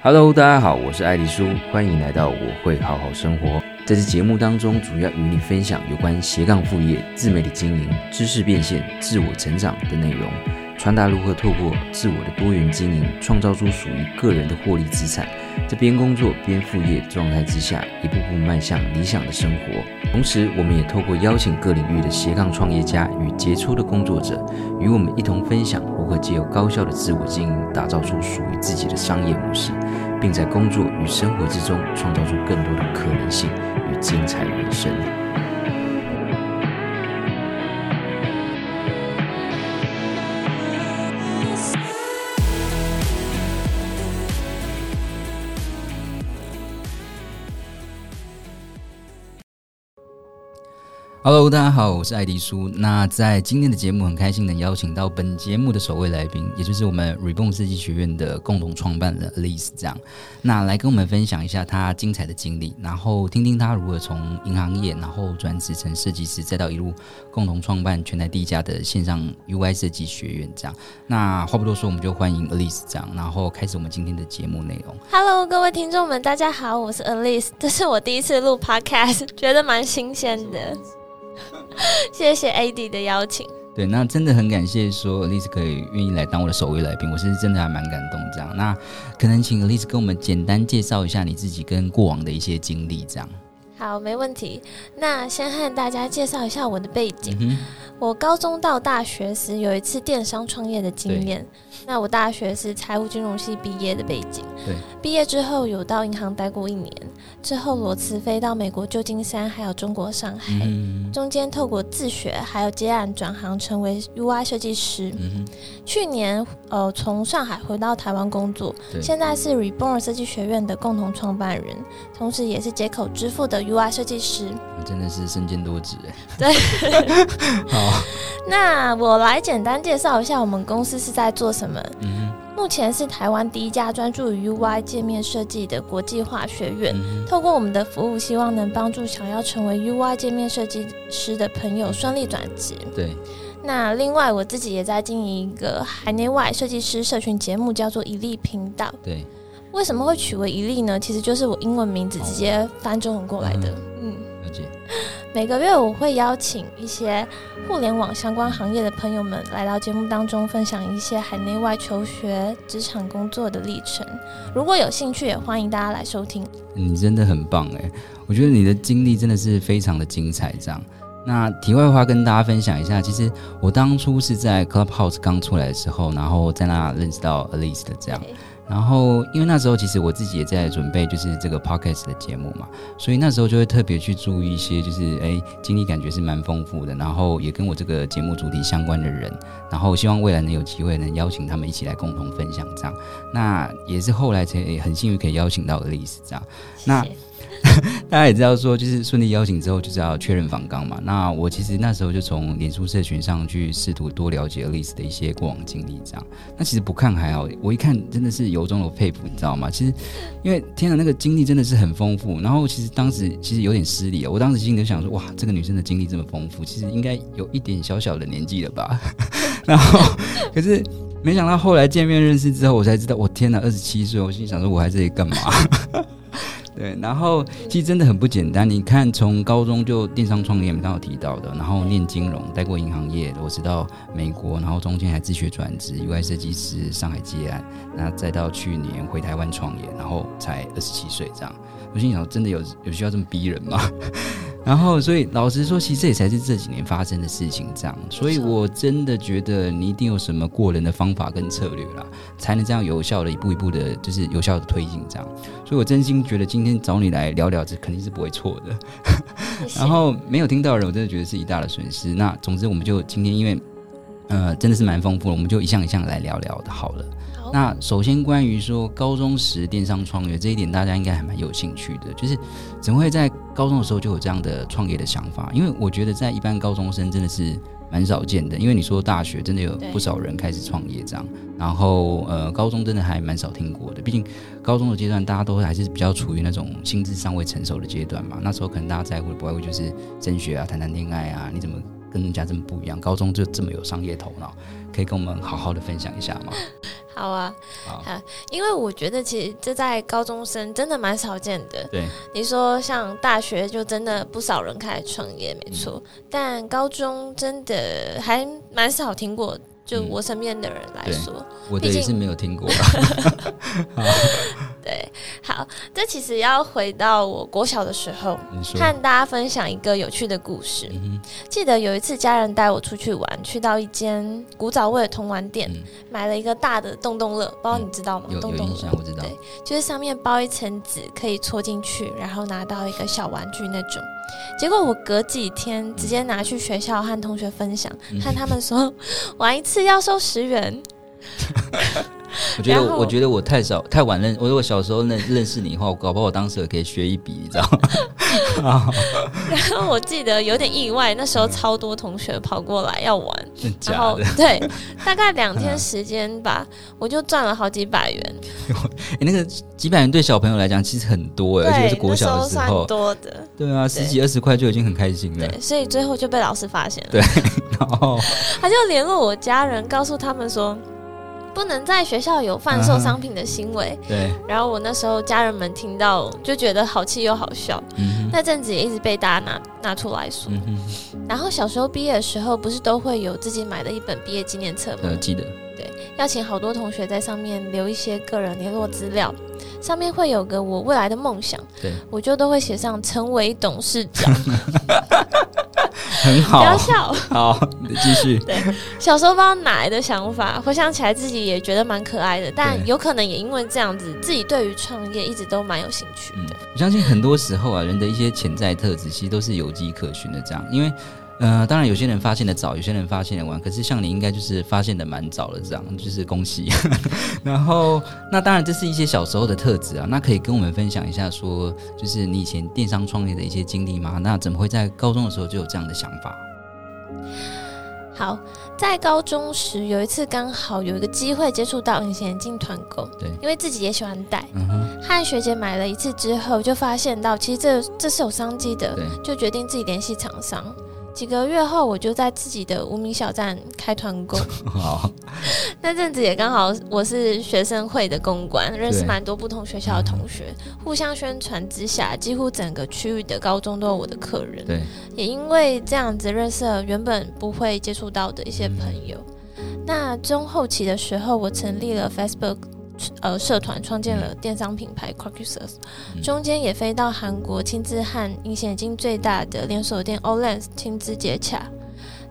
Hello，大家好，我是艾麗舒，歡迎來到我會好好生活。在這節目當中，主要與你分享有關斜槓副業、自媒體經營、知識變現、自我成長的內容。傳達如何透過自我的多元經營，創造出屬於個人的獲利資產，在邊工作邊副業狀態之下，一步步邁向理想的生活。同時，我們也透過邀請各領域的斜槓創業家與傑出的工作者，與我們一同分享如何藉由高效的自我經營，打造出屬於自己的商業模式，並在工作與生活之中創造出更多的可能性與精彩人生。Hello，大家好，我是艾迪叔。那在今天的節目，很開心能邀請到本節目的首位來賓，也就是我們 Reborn 設計學院的共同創辦人 Elise。這樣，那來跟我們分享一下她精彩的經歷，然後聽聽她如何從銀行業，然後轉職成設計師，再到一路共同創辦全台第一家的線上 UI 設計學院。這樣，那話不多說，我們就歡迎 Elise。這樣，然後開始我們今天的節目內容。Hello，各位聽眾們，大家好，我是 Elise。這是我第一次錄 podcast，覺得蠻新鮮的。 謝謝 AD 的邀請，對，那真的很感謝，說 Elise 可以願意來當我的首位來賓，我是真的還蠻感動這樣。那可能請 Elise 跟我們簡單介紹一下你自己跟過往的一些經歷，這樣。好，沒問題。那先和大家介紹一下我的背景。嗯、哼我高中到大學時有一次電商創業的經驗。對那我大學是財務金融系畢業的背景。對。畢業之後有到銀行待過一年，之後裸辭飛到美國舊金山，還有中國上海。嗯、哼中間透過自學，還有接案轉行成為 UI 設計師。嗯、哼去年呃，從上海回到台灣工作，對現在是 Reborn 設計學院的共同創辦人，同時也是街口支付的。UI 設計師，真的是身兼多職哎。對， 好，那我來簡單介紹一下我們公司是在做什麼。嗯、哼目前是台灣第一家專注於 UI 界面設計的國際化學院。嗯、哼透過我們的服務，希望能幫助想要成為 UI 界面設計師的朋友順利轉職。對。那另外，我自己也在經營一個海內外設計師社群節目，叫做“一粒頻道”。對。為什麼會取為一例呢？其實就是我英文名字直接翻中文過來的。嗯，了解。每個月我會邀請一些互聯網相關行業的朋友們來到節目當中，分享一些海內外求學、職場工作的歷程。如果有興趣，也歡迎大家來收聽。嗯，你真的很棒哎，我覺得你的經歷真的是非常的精彩。這樣，那題外話跟大家分享一下，其實我當初是在 Clubhouse 剛出來的時候，然後在那認識到 Elise 的這樣。嗯。然後，因為那時候其實我自己也在準備，就是這個 podcast 的節目嘛，所以那時候就會特別去注意一些，就是哎，經歷感覺是蠻豐富的，然後也跟我這個節目主題相關的人，然後希望未來能有機會能邀請他們一起來共同分享這樣。那也是後來才誒很幸運可以邀請到 Elise 這樣。謝謝 那 大家也知道，說就是順利邀請之後，就是要確認訪綱嘛。那我其實那時候就從臉書社群上去試圖多了解 Elise 的一些過往經歷，這樣。那其實不看還好，我一看真的是由衷的佩服，你知道嗎？其實，因為天哪，那個經歷真的是很豐富。然後其實當時其實有點失禮，我當時心裡就想說：哇，這個女生的經歷這麼豐富，其實應該有一點小小的年紀了吧？然後，可是沒想到後來見面認識之後，我才知道，我天哪，二十七歲，我心裡想說，我還在這裡幹嘛？對，然後其實真的很不簡單。你看，從高中就電商創業，我們剛剛有提到的，然後念金融，待過銀行業，我直到美國，然後中間還自學轉職 UI 設計師，上海接案，然後再到去年回台灣創業，然後才二十七歲這樣。我心想，真的有有需要這麼逼人嗎？然後，所以老實說，其實這也才是這幾年發生的事情，這樣。所以我真的覺得你一定有什麼過人的方法跟策略啦，才能這樣有效的一步一步的，就是有效的推進這樣。所以我真心覺得今天找你來聊聊，這肯定是不會錯的。然後沒有聽到的人，我真的覺得是一大的損失。那總之，我們就今天因為，呃，真的是蠻豐富了，我們就一項一項來聊聊的好了。那首先關於說高中時電商創業這一點，大家應該還蠻有興趣的，就是怎麼會在。高中的時候就有這樣的創業的想法，因為我覺得在一般高中生真的是蠻少見的。因為你說大學真的有不少人開始創業這樣，對然後呃，高中真的還蠻少聽過的。畢竟高中的階段，大家都還是比較處於那種心智尚未成熟的階段嘛。那時候可能大家在乎的不外乎就是升學啊、談談戀愛啊。你怎麼跟人家這麼不一樣？高中就這麼有商業頭腦，可以跟我們好好的分享一下嗎？ 好啊，好，因為我覺得其實這在高中生真的蠻少見的。對，你說像大學就真的不少人開始創業，沒錯、嗯。但高中真的還蠻少聽過，就我身邊的人來說，嗯、我的也是沒有聽過。 對，好，這其實要回到我國小的時候，和說大家分享一個有趣的故事。嗯、哼記得有一次家人帶我出去玩，去到一間古早味的童玩店，嗯、買了一個大的洞洞樂包，不知道你知道嗎？嗯、洞洞樂，對，我知道，就是上面包一層紙，可以戳進去，然後拿到一個小玩具那種。結果我隔幾天直接拿去學校和同學分享，和、嗯、哼他們說玩一次要收十元。我覺得，我覺得我太早太晚認，我如果小時候認認識你以後，搞不好我當時也可以學一筆，你知道嗎？然後我記得有點意外，那時候超多同學跑過來要玩，真的假的？然後對，大概兩天時間吧，我就賺了好幾百元。哎，那個幾百元對小朋友來講其實很多，而且是國小的時候多的。對啊，十幾二十塊就已經很開心了。所以最後就被老師發現了。對，然後他就聯絡我家人，告訴他們說。不能在學校有販售商品的行為。啊、對，然後我那時候家人們聽到就覺得好氣又好笑。嗯、哼那陣子也一直被大家拿拿出來說。嗯、哼然後小時候畢業的時候，不是都會有自己買的一本畢業紀念冊嗎？啊、記得。對，邀請好多同學在上面留一些個人聯絡資料。嗯、上面會有個我未來的夢想，對，我就都會寫上成為董事長。 很好，不要笑，好，繼續。對，小時候不知道哪來的想法，回想起來自己也覺得蠻可愛的，但有可能也因為這樣子，自己對於創業一直都蠻有興趣的。嗯。我相信很多時候啊，人的一些潛在特質其實都是有跡可循的，這樣，因為。嗯、呃，當然有些人發現的早，有些人發現的晚。可是像你應該就是發現的蠻早了，這樣就是恭喜。 然後那當然這是一些小時候的特質啊。那可以跟我們分享一下說，說就是你以前電商創業的一些經歷嗎？那怎麼會在高中的時候就有這樣的想法？好，在高中時有一次剛好有一個機會接觸到以前進團購，對，因為自己也喜歡帶。嗯哼，和學姐買了一次之後就發現到其實，這這是有商機的，對，就決定自己聯繫廠商。幾個月後，我就在自己的無名小站開團購 好。 那陣子也剛好我是學生會的公關，認識蠻多不同學校的同學，嗯、互相宣傳之下，幾乎整個區域的高中都有我的客人。對也因為這樣子認識了原本不會接觸到的一些朋友。嗯、那中後期的時候，我成立了 Facebook，呃，社團創建了電商品牌 Crocuses、嗯、中間也飛到韓國，親自和隱形眼鏡最大的連鎖店 O-Lens 親自接洽。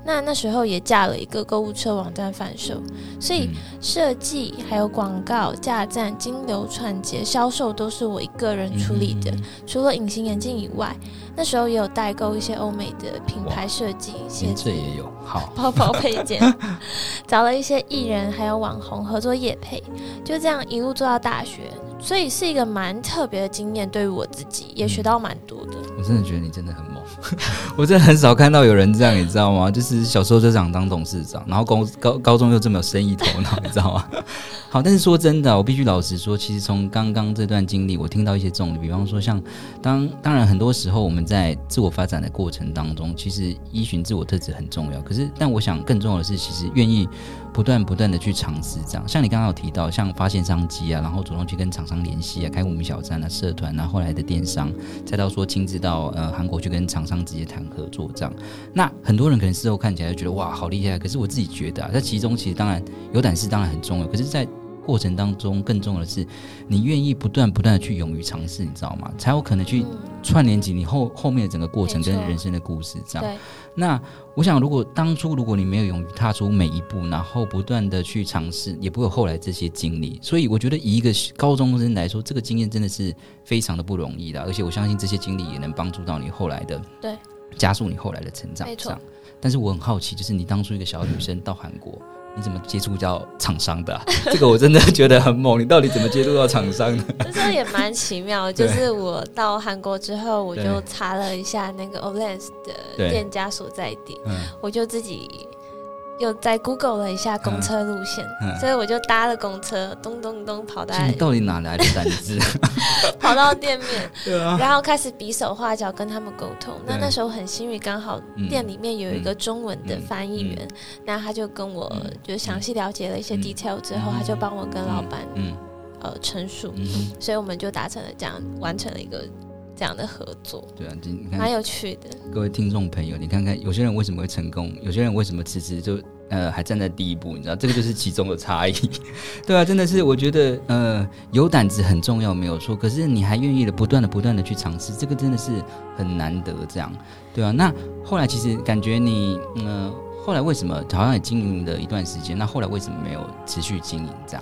那那時候也架了一個購物車網站販售，所以設計、嗯、還有廣告架站、金流串接、銷售都是我一個人處理的。嗯嗯除了隱形眼鏡以外，那時候也有代購一些歐美的品牌設計、哇鞋子也有，好包包配件， 找了一些藝人還有網紅合作業配，就這樣一路做到大學，所以是一個蠻特別的經驗，對於我自己也學到蠻多的。我真的覺得你真的很猛， 我真的很少看到有人這樣，你知道嗎？就是小時候就想當董事長，然後高高高中又這麼有生意頭腦， 你知道嗎？好，但是說真的，我必須老實說，其實從剛剛這段經歷，我聽到一些重點，比方說像當，當然很多時候我們在自我發展的過程當中，其實依循自我特質很重要。可是，但我想更重要的是，其實願意。不斷不斷的去嘗試，這樣像你剛剛有提到，像發現商機啊，然後主動去跟廠商聯繫啊，開無名小站啊，社團，啊，後來的電商，再到說親自到呃韓國去跟廠商直接談合作，這樣，那很多人可能事後看起來就覺得哇好厲害，可是我自己覺得啊，在其中其實當然有膽識，當然很重要，可是，在。過程當中，更重要的是，你願意不斷、不斷的去勇於嘗試，你知道嗎？才有可能去串聯起你後後面的整個過程跟人生的故事。這樣。那我想，如果當初如果你沒有勇於踏出每一步，然後不斷的去嘗試，也不會有後來這些經歷。所以，我覺得以一個高中生來說，這個經驗真的是非常的不容易的。而且，我相信這些經歷也能幫助到你後來的，對，加速你後來的成長。沒錯。但是我很好奇，就是你當初一個小女生到韓國。你怎麼接觸到廠商的、啊？ 這個我真的覺得很猛。你到底怎麼接觸到廠商的？這 也蠻奇妙。就是我到韓國之後，對我就查了一下那個 OLENS 的店家所在地，嗯、我就自己。又在 Google 了一下公車路線，所以我就搭了公車，咚咚咚跑到。到底哪來的膽子？跑到店面，對啊，然後開始比手畫腳跟他們溝通。那那時候很幸運，剛好店裡面有一個中文的翻譯員，那他就跟我就詳細了解了一些 detail 之後，他就幫我跟老板，嗯，呃，陳述，所以我們就達成了這樣，完成了一個。這樣的合作，對啊，你看，蠻有趣的。各位聽眾朋友，你看看有些人為什麼會成功，有些人為什麼遲遲就呃還站在第一步，你知道這個就是其中的差異。 對啊，真的是我覺得呃有膽子很重要，沒有錯。可是你還願意的不斷的不斷的去嘗試，這個真的是很難得。這樣，對啊。那後來其實感覺你嗯，後來為什麼好像也經營了一段時間，那後來為什麼沒有持續經營這樣？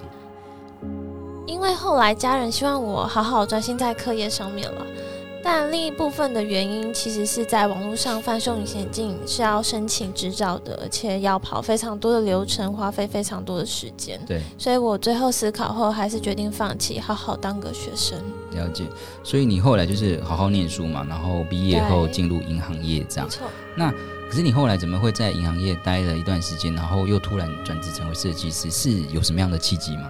因為後來家人希望我好好專心在課業上面了。但另一部分的原因，其實是在網絡上販售隱形眼鏡是要申請執照的，而且要跑非常多的流程，花費非常多的時間。對，所以我最後思考後，還是決定放棄，好好當個學生。了解，所以你後來就是好好念書嘛，然後畢業後進入銀行業這樣。對。沒錯。那可是你後來怎麼會在銀行業待了一段時間，然後又突然轉職成為設計師？是有什麼樣的契機嗎？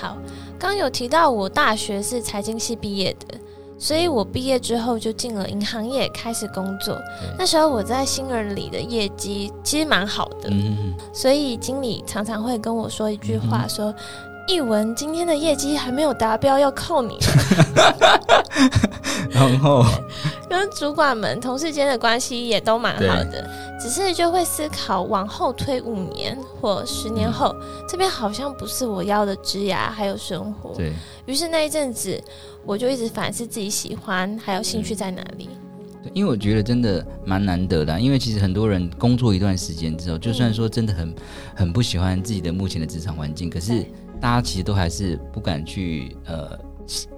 好，剛有提到我大學是財經系畢業的。所以我畢業之後就進了銀行業開始工作，嗯、那時候我在新人裡的業績其實蠻好的，嗯嗯嗯，所以經理常常會跟我說一句話說，說藝、嗯、哼文今天的業績還沒有達標，要靠你。 然後。因為主管們、同事間的關係也都蠻好的，對只是就會思考往後推五年或十年後， 這邊好像不是我要的職涯，還有生活。對，於是那一陣子，我就一直反思自己喜歡還有興趣在哪裡。對，因為我覺得真的蠻難得的，因為其實很多人工作一段時間之後，就算說真的很很不喜歡自己的目前的職場環境，可是大家其實都還是不敢去呃。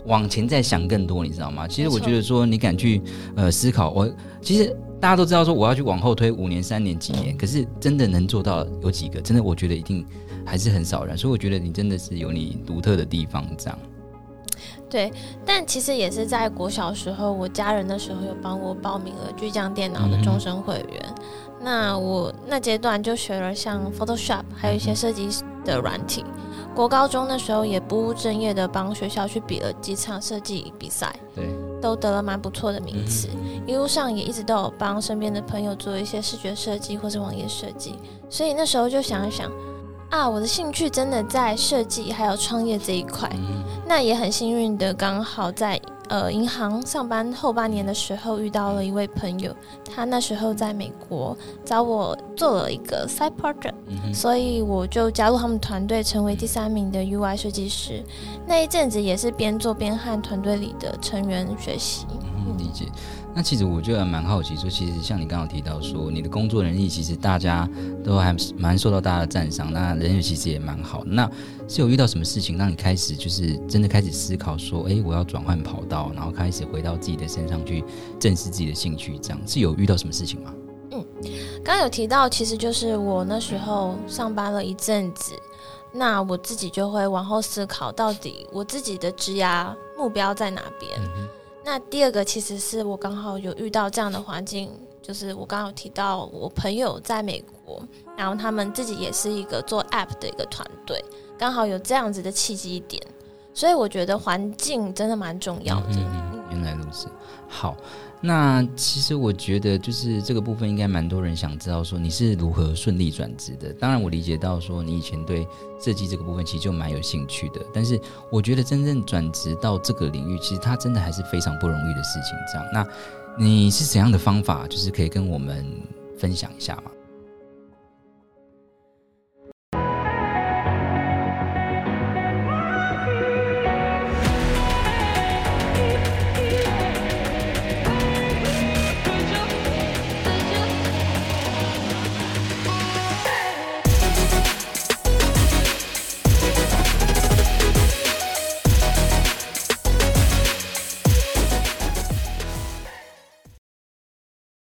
往前再想更多，你知道嗎？其實我覺得說你敢去錯呃思考，我其實大家都知道說我要去往後推五年、三年、幾年，嗯、可是真的能做到有幾個？真的，我覺得一定還是很少人。所以我覺得你真的是有你獨特的地方，這樣。對，但其實也是在國小時候，我家人的時候有幫我報名了巨匠電腦的終身會員。嗯、哼那我那階段就學了像 Photoshop，還有一些設計的軟體。嗯國高中的時候，也不務正業的幫學校去比了幾場設計比賽，對，都得了蠻不錯的名次。嗯嗯嗯、一路上也一直都有幫身邊的朋友做一些視覺設計或者網頁設計，所以那時候就想一想，啊，我的興趣真的在設計還有創業這一塊，嗯、那也很幸運的剛好在。呃，銀行上班後半年的時候，遇到了一位朋友，他那時候在美國找我做了一個 side project，，嗯哼，所以我就加入他們團隊，成為第三名的 UI 設計師。那一陣子也是邊做邊和團隊裡的成員學習，嗯嗯。理解。那其實我就蠻好奇，說其實像你剛剛提到說，你的工作能力其實大家都還蠻受到大家的讚賞，那人緣其實也蠻好。那是有遇到什麼事情讓你開始就是真的開始思考說，哎、欸，我要轉換跑道，然後開始回到自己的身上去正視自己的興趣，這樣是有遇到什麼事情嗎？嗯，剛剛有提到，其實就是我那時候上班了一陣子，那我自己就會往後思考，到底我自己的職涯目標在哪邊。嗯那第二個其實是我剛好有遇到這樣的環境，就是我剛好提到我朋友在美國，然後他們自己也是一個做 App 的一個團隊，剛好有這樣子的契機點，所以我覺得環境真的蠻重要的。嗯嗯嗯原來如此，好，那其實我覺得就是這個部分應該蠻多人想知道，說你是如何順利轉職的。當然，我理解到說你以前對設計這個部分其實就蠻有興趣的，但是我覺得真正轉職到這個領域，其實它真的還是非常不容易的事情。這樣，那你是怎樣的方法？就是可以跟我們分享一下嗎？